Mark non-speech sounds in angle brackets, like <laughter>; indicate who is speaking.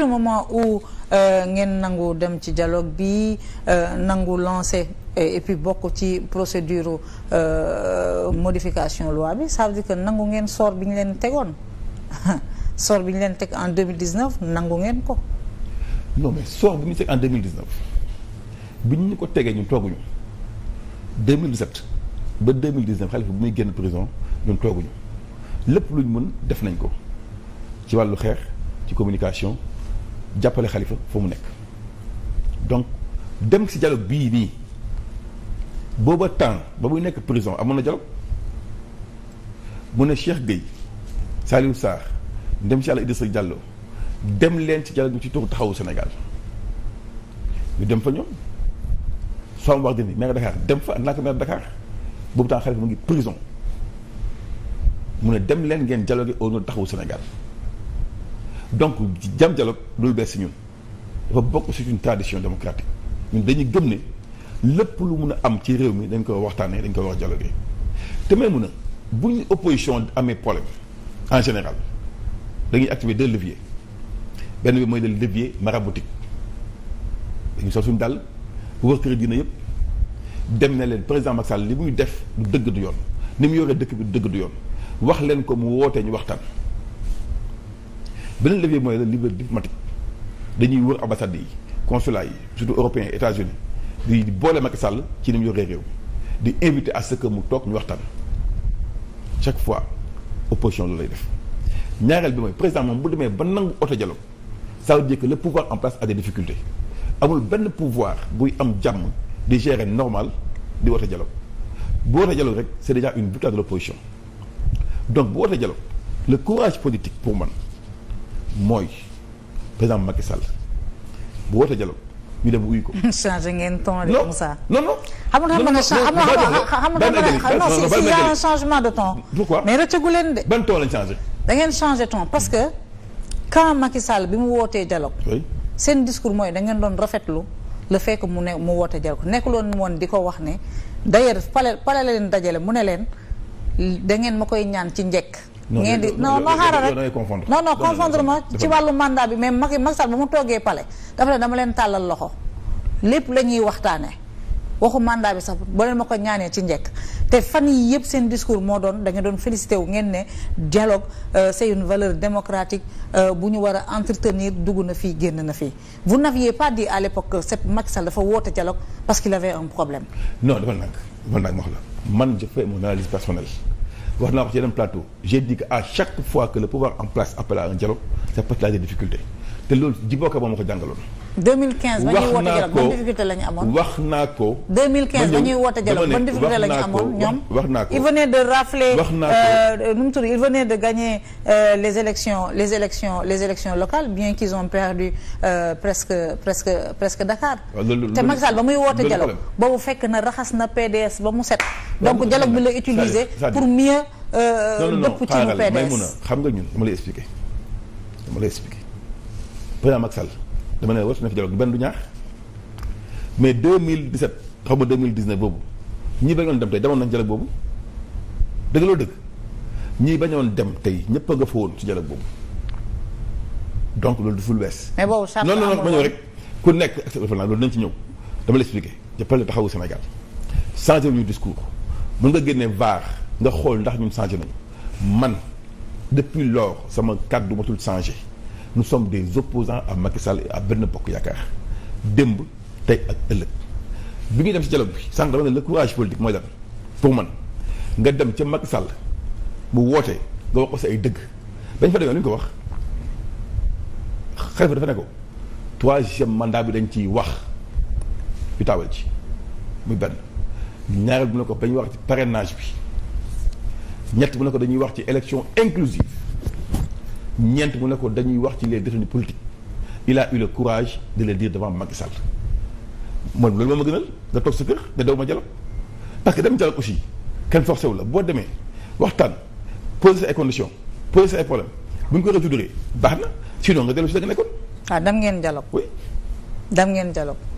Speaker 1: le moment où euh, ngeen nangu dem ci dialogue bi euh, nangu lancé et puis bokk ci procédure euh, modification loi bi ça veut dire que nangu ngeen sort bi ñu leen tegoon <laughs> sort bi ñu leen teg en 2019 nangu ngeen ko
Speaker 2: non mais sort bi ñu teg en 2019 bi ñu ko tegee ñun tooguñu 2017 ba 2019 Khalifa bu muy génn prison ñun tooguñu lépp lu luñ mën def nañ ko ci wàllu xeex ci communication jàppale xalifa fa mu nekk donc dem si dialogue bii nii booba temps ba muy nekk prison amoon na dialogue mu ne Cheikh Gueye Saliou saa dem si yàlla Idrissa Diallo dem leen ci dialogue bi ci turu taxawu Sénégal ñu dem fa ñoom Soham Wardini maire Dakar dem fa naa ko maire Dakar boobu temps xalifa mu ngi prison mu ne dem leen ngeen dialogue au nom taxawu senegal donc jam dialogue loolu bees si ñun dafa bokk si une tradition démocratique ñun dañuy gëm ne lépp lu mun a am ci réew mi dañ ko waxtaanee dañ ko wax dialogué te may mun a bu ñu opposition amee problème en général dañuy activer deux leviers benn bi mooy le levier maraboutique dañu sol suñu dal wër kër dina yëpp dem na leen président Macky Sall li muy def du dëgg du yoon ni mu yoree dëkk bi du dëgg du yoon wax leen ko mu wootee ñu waxtaan beneen levier mooy la levier diplomatique dañuy wër ambassade yi consulat yi surtout européens États-Unis di boole Macky Sall ci ni mu yoree réew di invité à ce que mu toog ñu waxtaan chaque fois opposition loolu lay def ñaareel bi mooy président moom bu demee ba nangu oto dialogue ça veut dire que le pouvoir en place a des difficultés amul benn pouvoir buy am jàmm di gérer normal di woote dialogue bu woote dialogue rek c'est déjà une victoire de l'opposition donc bu woote le courage pour man mooy président Macky Sall bu wootee dialogue ñu dem uyu ko.
Speaker 1: <laughs> changé ngeen ton de saa non non non non non non a un changement de ton. pourquoi mais rëccagu leen de. ban ton lañ changé. da ngeen changé ton parce que quand Macky Sall bi mu wootee dialogue. seen discours mooy da ngeen doon rafetlu le fait que mu ne mu woote nekk nekkuloon woon di ko wax ne d'ailleurs pale pale la leen dajale mu ne leen da ngeen ma koy ñaan ci njekk ngeen di non non xaaral rek non non confondre ma ci wàllu mandat bi mais Macky Macky Sall ba mu toogee palais dafa ne dama leen tàllal loxo lépp la ñuy waxtaanee waxu mandat bi sax ba leen ma ko ñaanee ci njëkk te fan yi yëpp seen discours moo doon da nga doon félicité wu ngeen ne dialogue euh, c'est une valeur démocratique euh, bu ñu war a entretenir dugg na fii génn na fii vous n'aviez pas dit à l'époque que cette Macky Sall dafa woote dialogue parce qu'il avait un problème
Speaker 2: non dafa nag dafa nag wax la man je fais mon analyse personnelle wax naa ko ci yeneen plateau j'ai dit que à chaque fois que le pouvoir en place appelle à un dialogue ça peut difficulté te loolu Djibo Ka moo ma ko jàngaloon
Speaker 1: 2015 ba ñuy woote dialogue ban difficulté la ñu amoon
Speaker 2: wax naa ko.
Speaker 1: 2015 ba ñuy woote dialogue ban difficulté la ñu amoon ñoom.
Speaker 2: wax naa ko il venait
Speaker 1: de rafler. Euh, mu de gagner euh, les élections les élections les élections locales bien qu'ils ont perdu euh, presque presque presque Dakar. Ah, te Macky ba muy woote dialogue boobu fekk na raxas na PDS ba mu set. donc dialogue bi la utiliser pour mieux. Euh, dëpp ci mu PDS non non
Speaker 2: xam nga ñun dama lay expliquer dama lay expliquer président Macky Sall. dama ne la wër na fi dialogue du benn du ñaar mais mille 2017 xaw ma 2019 boobu ñi bañoon dem tey demoon nañ dialogue boobu dëgg loolu dëgg bañoon dem tey ñëpp a nga fa woon ci dialogue boobu donc loolu du ful wees.
Speaker 1: mais boobu non ma ñëw rek
Speaker 2: ku nekk ak sa référendum loolu nañ ci ñëw dama la expliqué. jëppale taxawu Sénégal changé wu ñu discours mën nga génne vaar nga xool ndax ñu changé nañu man depuis lors sama kàddu matul changé. nous sommes des opposants à Macky Sall et à Benno Bokk Yaakaar démb tey ak ëllëg bi ñuy dem ci dialogue bi sànq dama ne le courage politique mooy lan pour man nga dem ca Macky Sall mu woote nga wax ko sa ay dëgg dañ fa demee lu ñu ko wax Khalifa dafa ne ko troisième mandat bi dañ ciy wax yu taawal ci muy benn ñaareel bu ne ko dañuy wax ci parrainage bi ñett bi ne ko dañuy wax ci élection inclusive ñeent mu nekkoon dañuy wax ci les détenus politiques il a eu le courage de le dire devant Macky Sall man loolu moo ma gënal nga toog sa kër nga daw ma jalo parce que dem jalo aussi kenn forcé wu la boo demee waxtaan poser ay conditions poser say problème bu ñu ko résoudre baax na sinon nga dellu si da nga nekkoon. ah dem ngeen jalo. oui.
Speaker 1: dem ngeen jalo.